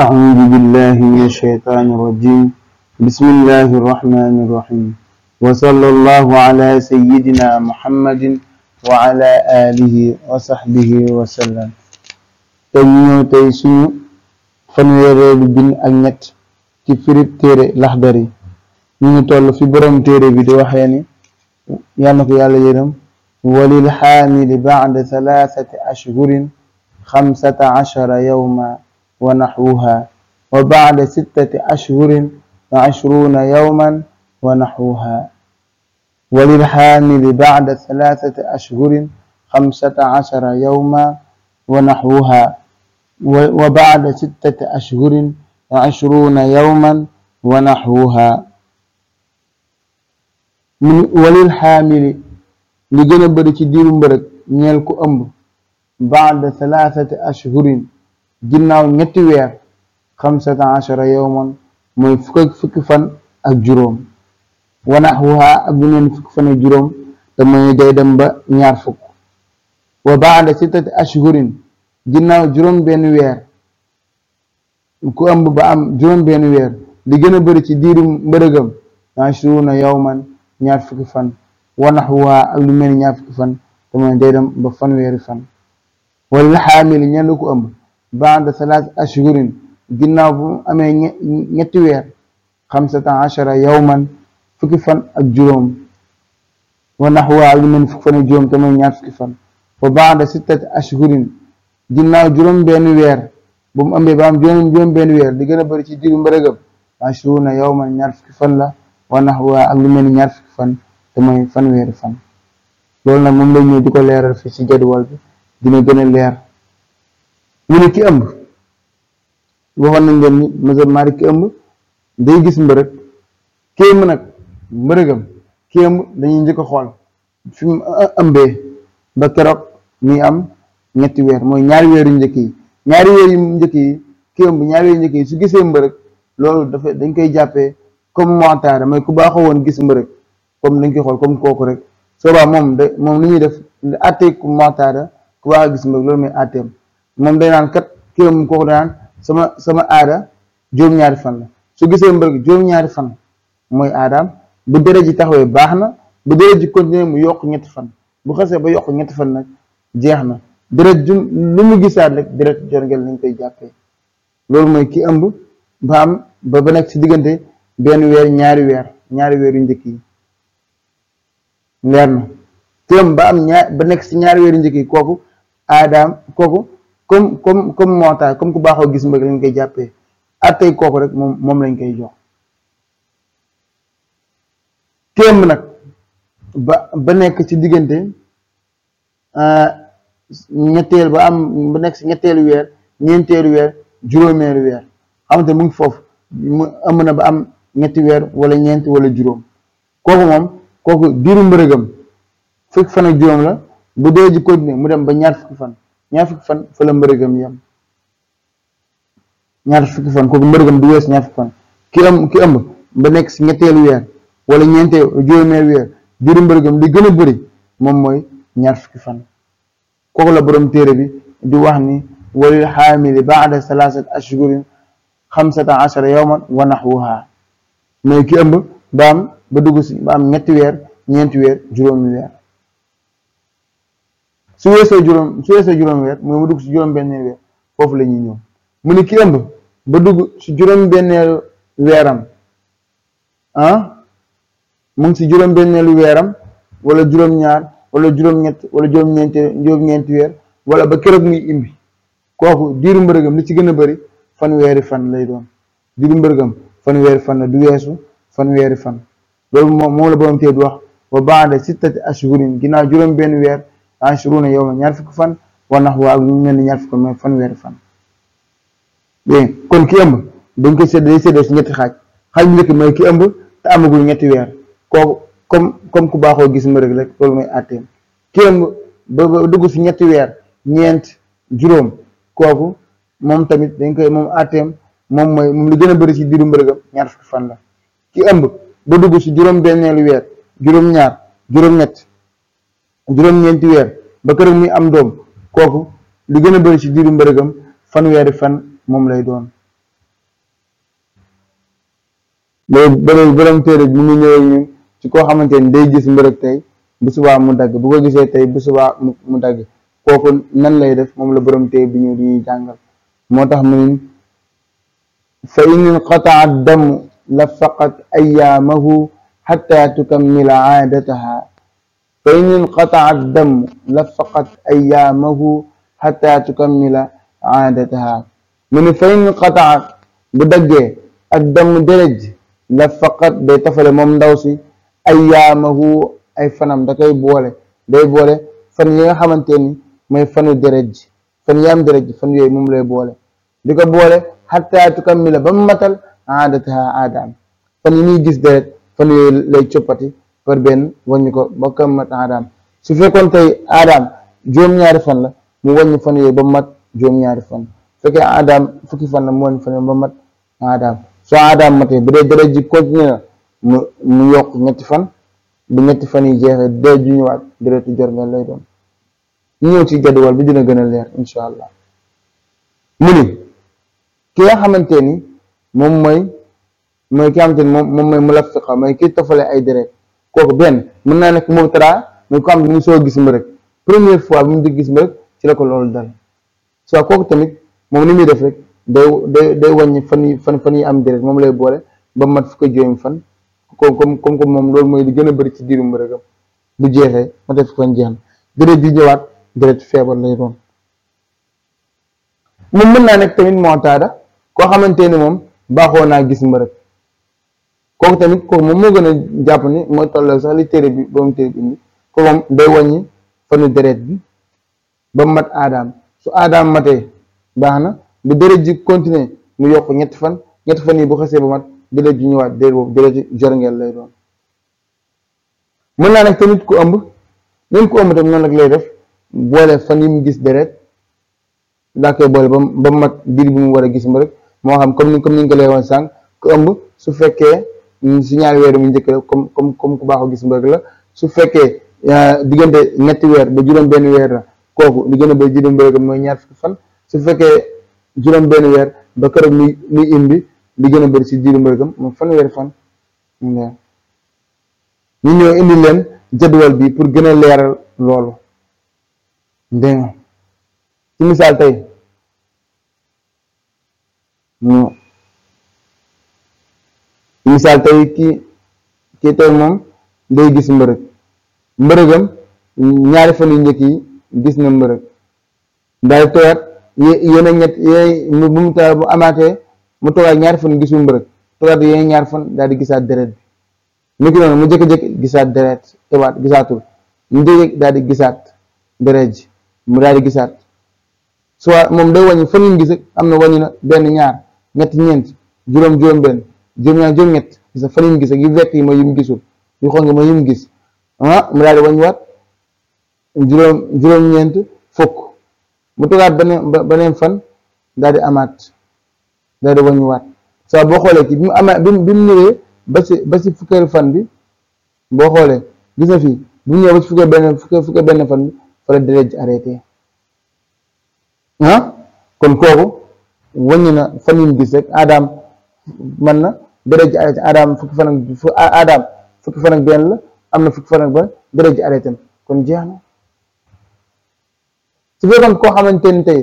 أعوذ بالله من الشيطان الرجيم بسم الله الرحمن الرحيم وصلى الله على سيدنا محمد وعلى آله وصحبه وسلم te ñu ñëw tey suñu fanweereelu bind ak ñett ci firib téere Laxdari ñu ngi toll fi borom téere bi di waxee ni yal na ko yàlla yërëm walil xaamili ba'da salaasati ashhurin xamsata ashara yawma ونحوها وبعد ستة أشهر وعشرون يوما ونحوها وللحامل بعد ثلاثة أشهر خمسة عشر يوما ونحوها وبعد ستة أشهر وعشرون يوما ونحوها من وللحامل li gën a bëri ci diiru mbërëg ñeel ku ëmb بعد ثلاثة أشهر ginnaaw ñetti weer xamsata achara yowman mooy fukk ak fukki fan ak juróom wanaxwuha ak guneen fukki fan ak juróom te mooy day dem ba ñaar fukk wa baada sittati ashhurin ginnaaw juróom benn weer ku ëmb ba am juróom benn weer di gën a bëri ci diiru mbërëgam ashruuna yowman ñaar fukki fan wanaxwuha ak lu mel ñaar fukki fan te day dem ba fanweeri fan wala xaamil ñenn ku ëmb baada salaas ashhurin ginnaaw bu amee ñetti weer xamsata achara yawman fukki fan ak juróom wa naxwa ak lu mel fukki fan ak juróom te mooy ñaar fukki fan wa baada sittati ashhurin ginnaaw juróom benn weer bu mu amee ba am juróom benn weer di gën a bari ci diiru mbërëgëm na yawman ñaar fukki fan la wa naxwa ak lu mel ñaar fukki fan te mooy fan weeri fan loolu nag moom la ñëw di ko leeral fi ci jadwal bi dina gën a leer ñu ne ki ëmb waxoon nañ leen ni mazhab Maalik ki ëmb gis mbërëg ki nag mbërëgam ki ëmb dañuy njëkk xool fi mu ëmbee ba keroog muy am ñetti weer mooy ñaari weer yu njëkk yi ñaari weer yu njëkk yi ki ëmb ñaari weer yu njëkk yi su gisee mbërëg loolu dafa dañ koy jàppee comme montaare mooy ku baaxoo woon gis mbërëg comme dañ koy xool comme kooku rek soobaa moom de moom li ñuy def àttee ku montaare ku baax a gis mbërëg loolu mooy àtteem moom day naan kat kilo moom kooku daan sama sama aada juróom-ñaari fan la su gisee mbër gi ñaari fan mooy aadaam bu deret ji taxawee baax na bu deret ji continuer mu yokk ñetti fan bu xasee ba yokk ñetti fan nag jeex na deret ju lu mu koy jàppee loolu mooy ki ëmb ba am ba ba nekk ci diggante benn weer ñaari weer ñaari weer yu njëkk yi leer na ki ëmb ba am ñaar ba nekk ci ñaari weer yu njëkk yi kooku aadaam kooku comme comme comme Mawta comme ku baaxoo gis mbëgg lañ koy jàppee attey kooku rek moom moom lañ koy jox témb nag ba ba nekk ci diggante euh, ñetteel ba am ba nekk ci ñetteelu weer ñeenteelu weer juróomeelu weer xamante mu ngi foofu mu ëmb na ba am ñetti weer wala ñeent wala juróom kooku moom kooku diiru mbërëgam fukki fan ak juróom la bu dee ji continuer mu dem ba ñaar fukki fan ñaar fukki fan fa la mbërëgam yam ñaar fukki fan kooku mbërëgam du wees ñaar fukki fan ki ëmb ba nekk si ñetteelu weer wala ñeenteel juróomeel weer juri moom mooy ñaar fukki fan kooku téere bi di wax ni walil xaamili baada salaasat wa mais ki ba am ba dugg si ba weer juróomi weer su weesoo juróom su weesoo juróom weer mooy mu dugg si juróom benneelu foofu la mu ne ki ba dugg si juróom benneelu weeram ah mu ngi si juróom benneelu weeram wala juróom ñaar wala juróom ñett wala juróom ñeenti juróom weer wala ba keroog muy imbi kooku diiru mbërëgam li ci gën a bëri fanweeri fan lay doon diiru mbërëgam fanweeri fan la du weesu fanweeri fan loolu moom moom la borom tee du wax wa baada sittati ashhurin ginnaaw juróom benn weer ashruna yawma ñaar fukki fan wala nax waa ak ñu mel ni ñaar fukki mooy fanweeri fan dégg kon ki ëmb dañ koy séddale séddale si ñetti xaaj xaaj bu njëkk mooy ki ëmb te amagul ñetti weer kooku comme comme ku baaxoo gis ma rek rek loolu mooy àtteem ki ëmb ba ñetti weer ñeent juróom kooku moom tamit dañ koy moom àtteem moom mooy moom li gën a bëri si diiru fan la ki ëmb ba dugg si juróom benneelu weer juróom ñaar juróom ñett juróom-ñeenti weer ba këram muy am doom kooku li gën a bëri ci diiru mbërëgam fanweeri fan moom lay doon loolu beneen borom téere bi mu ñëwee ñun ci koo xamante ni day gis mbërëg tey bu subaa mu dagg bu tey bu mu dagg kooku nan lay def moom la borom téere bi ñëw di ñuy jàngal moo tax mu ne fa in inqataa damu la faqat ayaamahu xatta tukammila aadataha فإن انقطع الدم لفقت أيامه حتى تكمل عادتها من فإن انقطع bu daggee الدم deret lafaqat day tafale moom ndaw si ayyaamahu ay fanam da koy boole day boole fan yi nga xamante ni mooy fanu deret ji fan yaam deret ji fan yooyu moom lay boole di ko boole xataa tukammila ba mu matal aadataha aadaam fan yi muy gis deret fan lay coppati par benn wàññi ko ba kam mat aadaam su fekkoon tey aadaam juróom-ñaari fan la mu wàññi fan yooyu ba mat juróom-ñaari fan fekkee aadaam fukki fan la mu wàññi fan yooyu ba mat aadaam soo aadaam matee bu dee deret ji continué na mu yokk ñetti fan bu ñetti fan yi jeexee deret ji ñëwaat deretu jorngel lay doon ñëw ci jadwal bi dina gën a leer incha allah mu ni ki nga xamante ni moom mooy mooy ki nga xamante ni moom moom mooy mulafiqa mooy ki tofale ay deret kooku benn mën naa nekk moom tara mais ku am mu ngi soo gis ma rek première fois bu mu di gis ma ci la ko loolu dal soo kooku tamit moom ni muy def rek day day day wàññi fan fan fan yi am deret moom lay boole ba mat fu ko juróomi fan comme comme comme comme moom loolu mooy li gën a bëri ci diiru mbërëgam bu jeexee ma def ko jeex na deret bi ñëwaat deret feebar lay doon moom mën naa nekk tamit moo taada koo xamante ni moom baaxoo naa gis mbërëg kooku tamit kooku moom moo gën a jàpp ni mooy tolloo sax li téere bi borom téere bi ni bi ba mat aadaam su aadaam matee baax na bu deret ji continuer mu yokk ñetti fan ñetti fan yi bu xasee ba mat deret ji ñëwaat deret boobu deret ji lay doon mën naa nag tamit ku ëmb même ku ëmb tamit noonu nag lay def boole fan yi mu gis deret daa koy boole ba ba mat diir bi mu war a gis ma rek moo xam comme ni comme ni nga lay woon sànq ku ëmb su fekkee si ñaari weer mu njëkk la comme comme comme ku baaxoo gis mbëgg la su fekkee euh, diggante ñetti weer ba juróom benn weer la kooku li gën a bëri juróom bëri mooy ñaar fukki fan su fekkee juróom benn weer ba keroog muy muy imbi li gën a bëri si juróom bëri moom fan weer fan ñu ñëw indi leen jadwal bi pour gën a leeral loolu dégg nga ci misaal tey misaal tey kii kii tey moom day gis mbërëg mbërëgam ñaari fan yu njëkk yi gis na mbërëg daal toogaat yeneen ñett yeneen mu ta bu amaatee mu toogaat ñaari fan gisul mbërëg toogaat yeneen ñaari fan daal di gisaat deret bi ni ki noonu mu jëkk jékki gisaat deret tewaat gisaatul mu jékki daal di gisaat deret ji mu daal di gisaat soit moom day wàññi fan yu gis am na wàññi na benn ñaar ñetti ñeent juróom-juróom benn juróom-ñaar juróom-ñett gis nga fan yim gis ak yu vert yi mooy yim gisul yu xonq yi mooy gis ah mu daal di wàññiwaat juróom juróom-ñeent fukk mu toogaat beneen beneen fan daal di amaat daal di wàññiwaat soo boo xoolee ci bi mu amaat bi mu ñëwee ba si bi boo xoolee gis na fii bi mu ñëwee ba si fukkee benn fukkee benn fan bi fa deret ji arrêté ah kon kooku wàññi na fan yim gis rek Adam. mën na deret ji arrêté aadama fukki fan ak fu aadama fukki fan ak benn la am na fukki fan ak benn deret ji arrêté kon jeex na su fekkoon koo xamante ni tey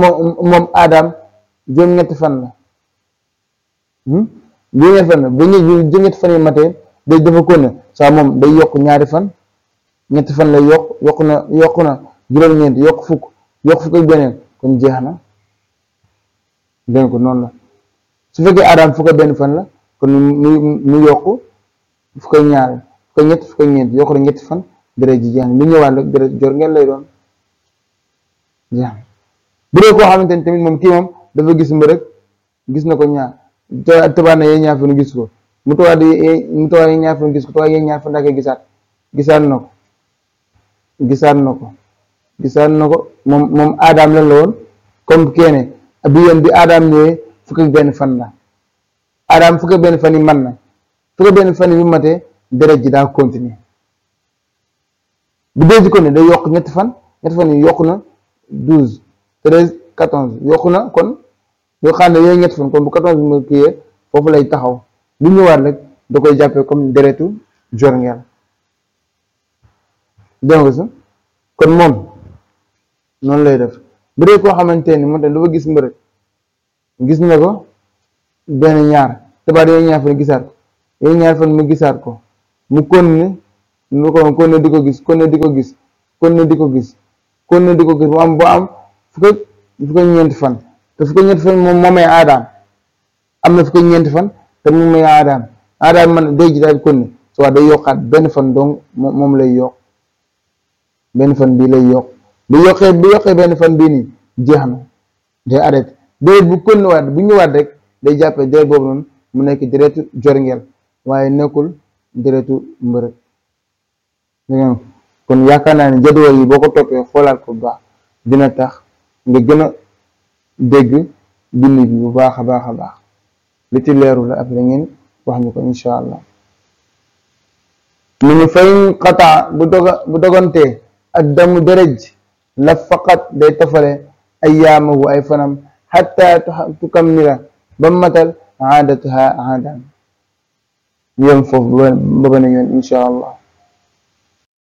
moom moom aadama juróom-ñetti fan la hmm? juróom-ñetti fan la bu ñu juróom-ñetti fan yi matee day dafa ko ne saa moom day yokk ñaari fan ñetti fan lay yokk yokk na yokk na juróom-ñeent yokk fukk yokk fukk ak beneen kon jeex na dégg ko noonu la su fekkee fu fukk benn fan la kon mu mu yokk fukk ñaar fukk ñett fukk ñeent yokk la ñetti fan deret ji jeex na mu ñëwaat rek deret jor ngeen lay doon jeex na bu dee koo xamante ni tamit moom kii moom dafa gis mu gis na ko ñaar tabaat na yee ñaar fan gis ko mu tawaat mu tawaat yee ñaar fan gis ko tawaat yee ñaar fan daa koy gisaat gisaat na ko gisaat na ko gisaat moom moom aadam la woon comme keene bi yoon bi aadam ñëwee fukk benn fan la adam fukk benn fan yi man na fukk benn fan yi bu matee deret ji daa continuer bu dee ji ko ne yokk ñetti fan ñetti fan yi yokk na douze treize quatorze yokk na kon yoo xam ne yooyu ñetti fan kon bu quatorze bi ma kiyee foofu lay taxaw lu ñëwaat rek da koy jàppee comme deretu jorngeel dégg nga kon moom noonu lay def bu dee koo xamante ni moo tax dafa gis mbërëg gis na ko benn ñaar tabaat yooyu ñaar fan gisaat ko yooyu ñaar fan mu gisaat ko mu continuer mu ko continuer di ko gis continuer di ko gis continuer di ko gis continuer di ko gis bu am bu am fukk fukk ñeenti fan te fukk ñeenti fan moom moo may aadaam am fan te mu may aadaam aadaam man day ji daal continuer so waa day yokkaat benn fan donc moom lay yokk benn fan bii lay yokk bu yokkee bu yokkee benn fan bii nii jeex na day arrêté déret bu konnuwaat bu ñëwaat rek day jàppee déret boobu noonu mu nekk déretu jorngeel waaye nekkul déretu mbërëg kon yaakaar naa ni jadwal yi boo ko toppee xoolaat ko bu baax dina tax nga gën a dégg junni bi bu baax a baax a baax li ci leeru la après ngeen wax ñu ko insha allah mu ñu fay xataa bu doga bu dogantee ak damu dërëj la faqat day tofale ay yaamahu ay fanam xatta tukammila ba matal aadatuha aadaam yem foofu ba beneen yoon incha allah